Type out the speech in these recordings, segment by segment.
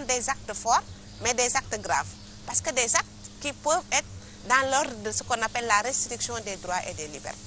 vraiment des actes forts, mais des actes graves. Parce que des actes qui peuvent être dans l'ordre de ce qu'on appelle la restriction des droits et des libertés.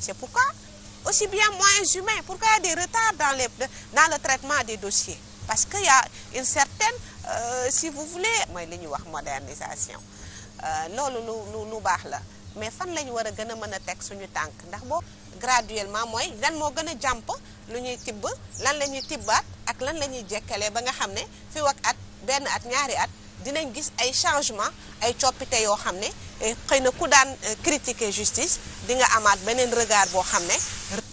C'est pourquoi, aussi bien moyens humains, pourquoi il y a des retards dans, les, le traitement des dossiers. Parce que y a une certaine, euh, si vous voulez, mooy li ñuy wax modernisation euh, loolu lu lu lu baax la mais fan lañu ñu war a gën a mën a teg suñu tànk ndax boo graduellement mooy lan moo gën a jàmp lu ñuy tibb lan la ñuy ak lan la ñuy jekkalee ba nga xam ne fi wak at benn at ñaari at dinañ gis ay changement ay coppite yoo xam ne eh, xëy na ku daan eh, critiquer justice di nga amaat beneen regard boo xam ne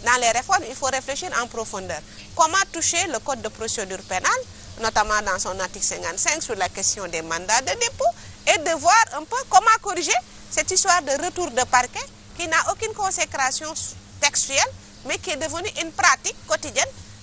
dans les réformes il faut réfléchir en profondeur comment toucher le code de procédure pénale notamment dans son article cinq sur la question des mandats de dépôt et de voir un peu comment corriger cette histoire de retour de parquet qui n'a aucune consécration textuelle mais qui est devenue une pratique quotidienne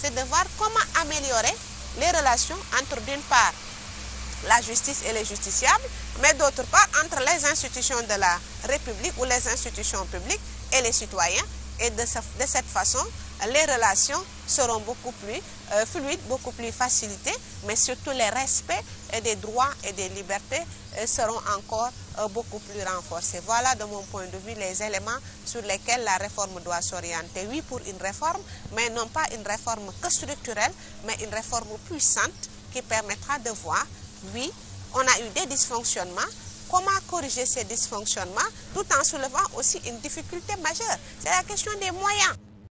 c'est de voir comment améliorer les relations entre d'une part la justice et les justiciables, mais d'autre part entre les institutions de la République ou les institutions publiques et les citoyens. Et de, ce, de cette façon, les relations seront beaucoup plus euh, fluides, beaucoup plus facilitées mais surtout les respects des droits et des libertés euh, seront encore euh, beaucoup plus renforcés. Voilà de mon point de vue les éléments sur lesquels la réforme doit s'orienter. Oui, pour une réforme, mais non pas une réforme que structurelle, mais une réforme puissante qui permettra de voir, oui, on a eu des dysfonctionnements, comment corriger ces dysfonctionnements tout en soulevant aussi une difficulté majeure, c'est la question des moyens.